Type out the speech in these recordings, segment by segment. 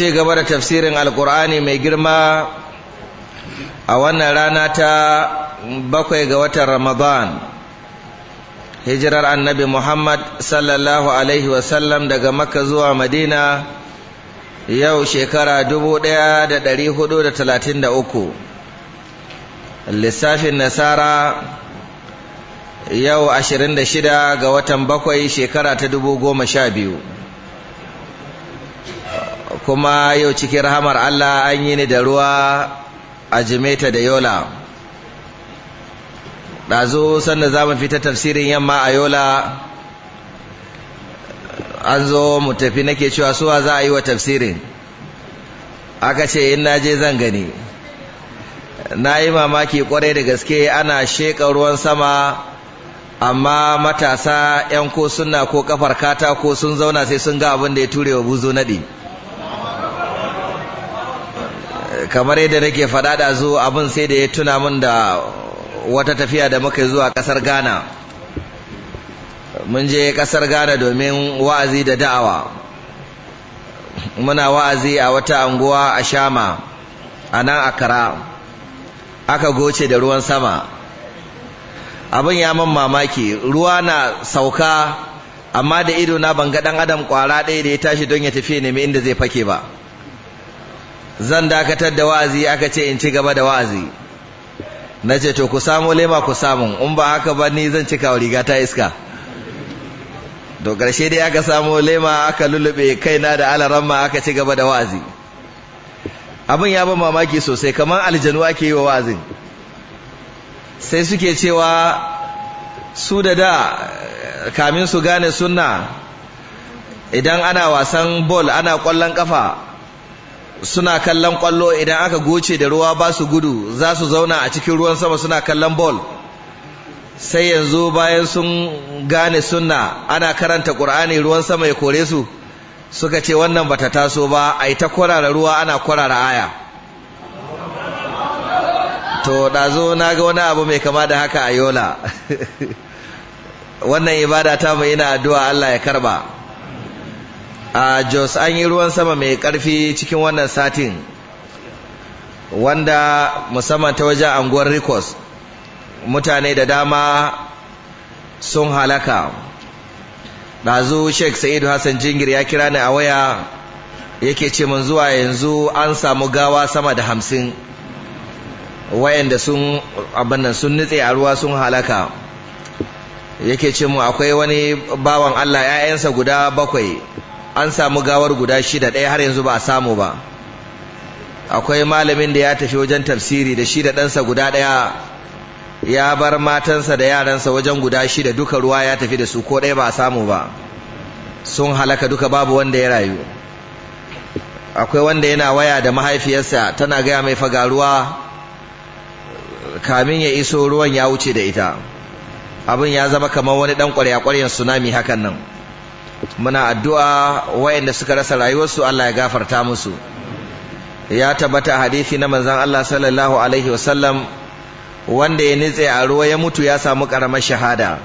ci gaba da tafsirin alkur'ani mai girma a wannan rana ta bakwai ga watan ramadan hijirar annabi muhammad sallallahu alaihi wasallam daga makka zuwa madina yau shekara 1433 lissafin nasara yau 26 ga watan bakwai shekara ta 2012 kuma yau cikin rahamar Allah an yi ni da ruwa a jimeta da yola ɗazu sanda za mu fita tafsirin yamma a yola an zo mu tafi nake cewa suwa za a yi wa tafsirin aka ce in na je zan gani na yi mamaki kwarai da gaske ana sheƙa ruwan sama amma matasa 'yan ko suna ko kafar kata ko sun zauna sai sun ga abin da ya ture wa buzu naɗi kamar yadda nake faɗa da zuwa abin sai da ya tuna min da wata tafiya da muka zuwa ƙasar Ghana mun je ƙasar Ghana domin wa'azi da da'awa muna wa'azi a wata anguwa a Shama a nan kara aka goce da ruwan sama abin ya man mamaki ruwa na sauka amma da ido na ban ga ɗan adam kwara ɗaya da ya tashi don ya tafi nemi inda zai fake ba zan dakatar da wa'azi aka ce in ci gaba da wa'azi na ce to ku samu lema ku samun in ba haka ba ni zan cika riga ta iska to ƙarshe dai aka samu lema aka lullube kaina da alaramma aka ci gaba da wa'azi abin ya ban mamaki sosai kamar aljanu ake yi wa wa'azin sai suke cewa su da da kamin su gane sunna idan ana wasan bol ana kwallon kafa suna kallon kwallo idan aka goce da ruwa ba su gudu za su zauna a cikin ruwan sama suna kallon bol sai yanzu bayan sun gane sunna ana karanta ƙur'ani ruwan sama ya kore su suka ce wannan bata taso ba a yi ta kwarara ruwa ana kwarara aya to ɗazo na ga wani abu mai kama da haka a yola wannan ibada ta mai ina addu'a Allah ya karba a jos an yi ruwan sama mai karfi cikin wannan satin wanda musamman ta wajen anguwar rikos mutane da dama sun halaka ɗazu sheikh sa'idu hassan jingir ya kira ni a waya yake ce mun zuwa yanzu an samu gawa sama da hamsin wayanda sun abinnan sun nutse a ruwa sun halaka yake ce mu akwai wani bawan allah 'ya'yansa guda bakwai an samu gawar guda shida ɗaya har yanzu ba a samu ba akwai malamin da ya tafi wajen tafsiri da shi da ɗansa guda ɗaya ya bar matansa da yaransa wajen guda shida duka ruwa ya tafi da su ko ɗaya ba a samu ba sun halaka duka babu wanda ya rayu akwai wanda yana waya da mahaifiyarsa tana gaya mai faga ruwa kamin ya iso ruwan ya wuce da ita abin ya zama kamar wani ɗan ƙwarya ƙwaryar tsunami hakan nan muna addu'a wayanda suka rasa rayuwarsu Allah ya gafarta musu ya tabbata hadisi na manzon Allah sallallahu alaihi wasallam wanda ya nitse a ruwa ya mutu ya samu ƙaramar shahada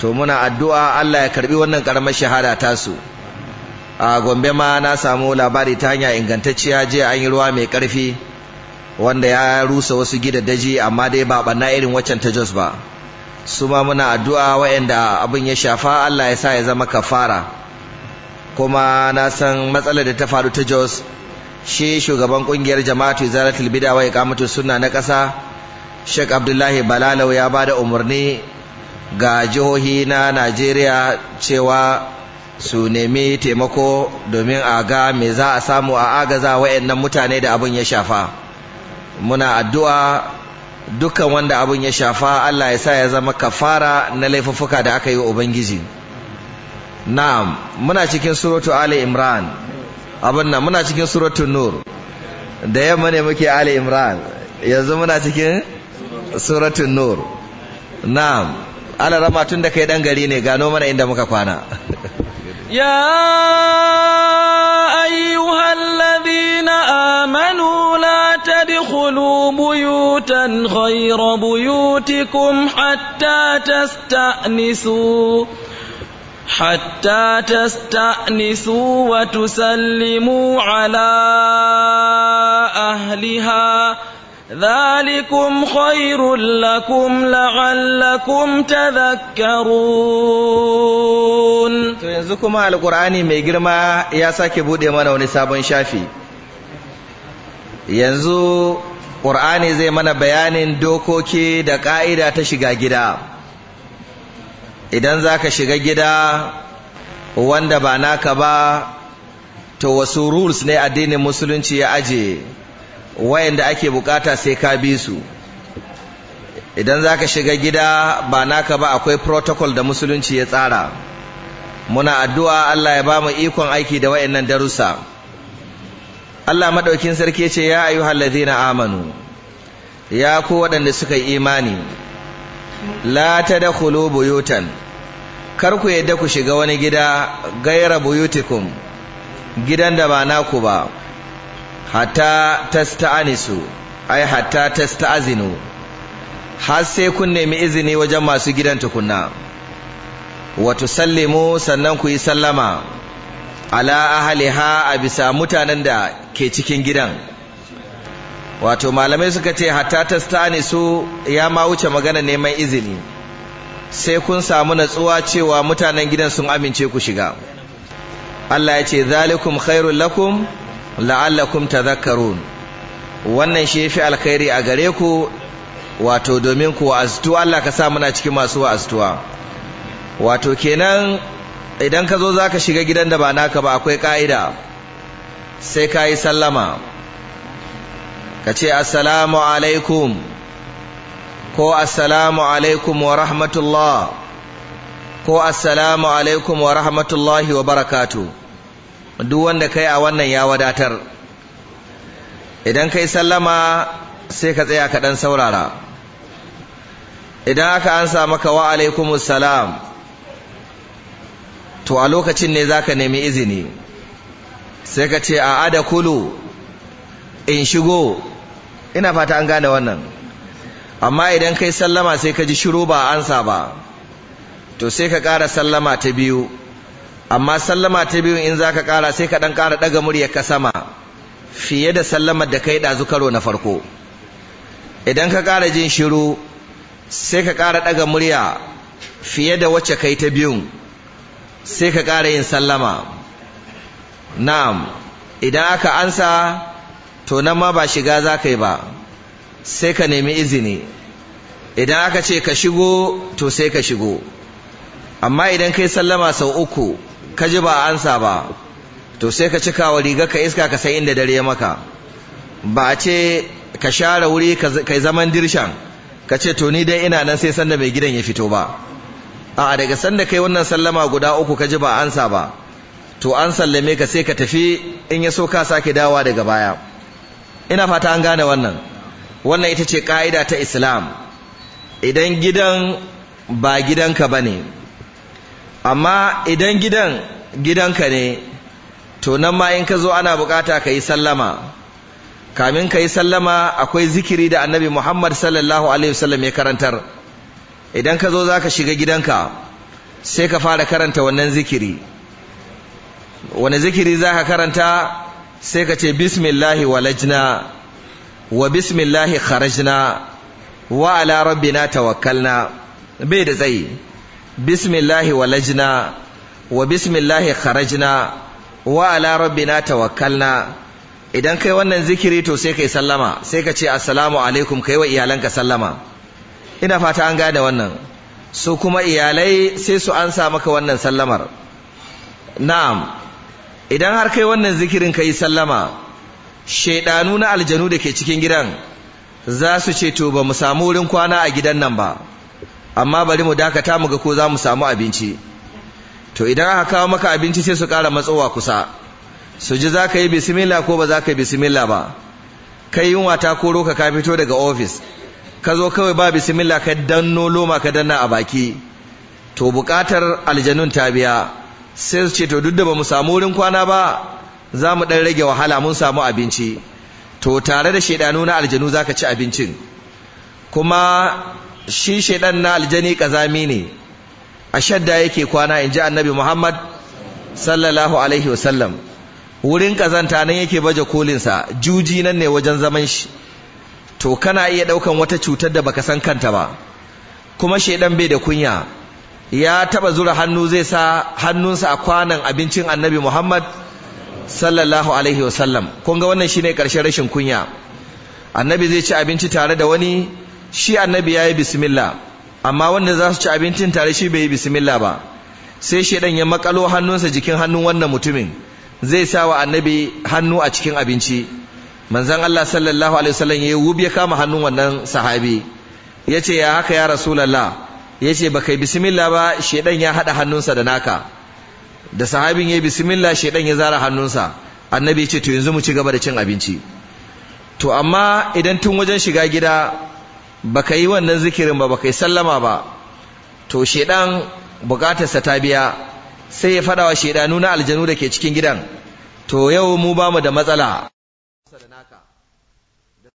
to muna addu'a Allah ya karbi wannan ƙaramar shahada tasu a Gombe ma na samu labari ta hanya ingantacciya jiya an yi ruwa mai karfi wanda ya rusa wasu gidaddaji amma dai ba ɓanna irin waccan ta Jos ba su ma muna addu'a wayanda abin ya shafa Allah ya sa ya zama kafara kuma na san matsalar da ta faru ta Jos shi shugaban kungiyar jama'atu zaratul bid'a wa iqamatu sunna na ƙasa Sheikh Abdullahi Balalau ya ba da umarni ga jihohi na Najeriya cewa su nemi taimako domin a ga me za a samu a agaza nan mutane da abin ya shafa muna addu'a dukkan wanda abin ya shafa Allah ya sa ya zama kafara na laifuffuka da aka yi wa Ubangiji na'am muna cikin suratu Ali Imran abin nan muna cikin suratu Nur da yamma ne muke Ali Imran yanzu muna cikin suratu Nur na'am ala rama tun da kai dan gari ne gano mana inda muka kwana ya أيها الذين آمنوا لا تدخلوا بيوتا غير بيوتكم حتى تستأنسوا حتى تستأنسوا وتسلموا على أهلها ذلكم خير لكم لعلكم تذكرون to yanzu kuma alkur'ani mai girma ya sake bude mana wani sabon shafi yanzu qur'ani zai mana bayanin dokoki da ka'ida ta shiga gida idan zaka shiga gida wanda ba naka ba to wasu rules ne addinin musulunci ya aje wayanda ake bukata sai ka bi su idan za ka shiga gida ba naka ba akwai protocol da musulunci ya tsara muna addu'a Allah ya ba mu ikon aiki da wayannan darussa Allah maɗaukin sarki ce ya ayyuhal na amanu ya ku waɗanda suka yi imani la tadkhulu buyutan kar ku yadda ku shiga wani gida gaira buyutikum gidan da ba naku ba hatta tasta'anisu ai hatta tasta'azinu har sai kun nemi izini wajen masu gidan tukunna wa tusallimu sannan ku yi sallama ala ahliha a bisa mutanen da ke cikin gidan wato malamai suka ce hatta tasta'anisu ya ma wuce magana neman izini sai kun samu natsuwa cewa mutanen gidan sun amince ku shiga Allah ya ce zalikum khairul lakum la'allakum tadhakkarun wannan shi yafi alkhairi a gare ku wato domin ku wa'azitu Allah ka sa muna cikin masu wa'azituwa wato kenan idan ka zo zaka shiga gidan da ba naka ba akwai ka'ida sai ka yi sallama ka ce assalamu alaikum ko assalamu alaikum wa rahmatullah ko assalamu alaikum wa rahmatullahi wa barakatuh duk wanda kai a wannan ya wadatar idan kai sallama sai ka tsaya ka dan saurara idan aka ansa maka wa alaikumus salam to a lokacin ne zaka nemi izini sai ka ce a ada kulu in shigo ina fata an gane wannan amma idan kai sallama sai ka ji shiru ba ansa ba to sai ka ƙara sallama ta biyu amma sallama ta biyu in zaka kara sai ka dan kara daga murya ka sama fiye da sallamar da kai ɗazu karo na farko idan ka kara jin shiru sai ka kara daga murya fiye da wacce kai ta biyun sai ka kara yin sallama na'am idan aka ansa to nan ma ba shiga za ka yi ba sai ka nemi izini idan aka ce ka shigo to sai ka shigo amma idan kai sallama sau uku ka ji ba ansa ba to sai ka cika wa riga ka iska ka sai inda dare maka ba a ce ka share wuri ka zaman dirshan ka ce to ni dai ina nan sai sanda mai gidan ya fito ba a daga sanda kai wannan sallama guda uku ka ji ba ansa ba to an sallame ka sai ka tafi in ya so ka sake dawa daga baya ina fata an gane wannan wannan ita ce ka'ida ta islam idan gidan ba gidanka ba ne amma idan gidan gidanka ne to nan ma in ka zo ana bukata ka yi sallama kamin ka yi sallama akwai zikiri da annabi muhammad sallallahu alaihi wasallam ya karantar idan ka zo za ka shiga gidanka sai ka fara karanta wannan zikiri wani zikiri za ka karanta sai ka ce bismillahi walajna wa bismillahi kharajna wa ala rabbina tawakkalna bai da tsayi bismillahi walajna wa bismillahi kharajna wa ala rabbina tawakkalna idan kai wannan zikiri to sai kai sallama sai ka ce assalamu alaikum kai wa iyalanka sallama ina fata an gane wannan su kuma iyalai sai su ansa maka wannan sallamar na'am idan har kai wannan zikirin kai sallama shaiɗanu na aljanu da ke cikin gidan za su ce to ba mu samu wurin kwana a gidan nan ba amma bari mu dakata mu ga ko za mu samu abinci to idan aka kawo maka abinci sai su ƙara matsowa kusa su ji za ka yi bismillah ko ba za ka yi bismillah ba kai yunwa ta koro ka ka fito daga ofis ka zo kawai ba bismillah ka danno loma ka danna a baki to buƙatar aljanun ta biya sai su ce to duk da ba mu samu wurin kwana ba za mu ɗan rage wahala mun samu abinci to tare da shaidanu na aljanu za ka ci abincin kuma shi shaidan na aljani kazami ne a shadda yake kwana in ji annabi muhammad sallallahu alaihi wasallam wurin kazanta nan yake baje kolinsa juji nan ne wajen zaman shi to kana iya daukan wata cutar da baka san kanta ba kuma shaidan bai da kunya ya taba zura hannu zai sa hannunsa a kwanan abincin annabi muhammad sallallahu alaihi wasallam kun ga wannan shine karshen rashin kunya annabi zai ci abinci tare da wani shi annabi ya yi bismillah amma wanda za su ci abincin tare shi bai yi bismillah ba sai shaidan ya makalo hannunsa jikin hannun wannan mutumin zai sa wa annabi hannu a cikin abinci manzon Allah sallallahu alaihi wasallam ya wubi ya kama hannun wannan sahabi ya ce ya haka ya ya ce ba kai bismillah ba shaidan ya haɗa hannunsa da naka da sahabin ya yayi bismillah shaidan ya zara hannunsa annabi yace to yanzu mu ci gaba da cin abinci to amma idan tun wajen shiga gida baka yi wannan zikirin ba baka yi sallama ba to shedan bukatarsa ta biya sai ya fada wa shedanu na aljanu da ke cikin gidan to yau mu bamu da matsala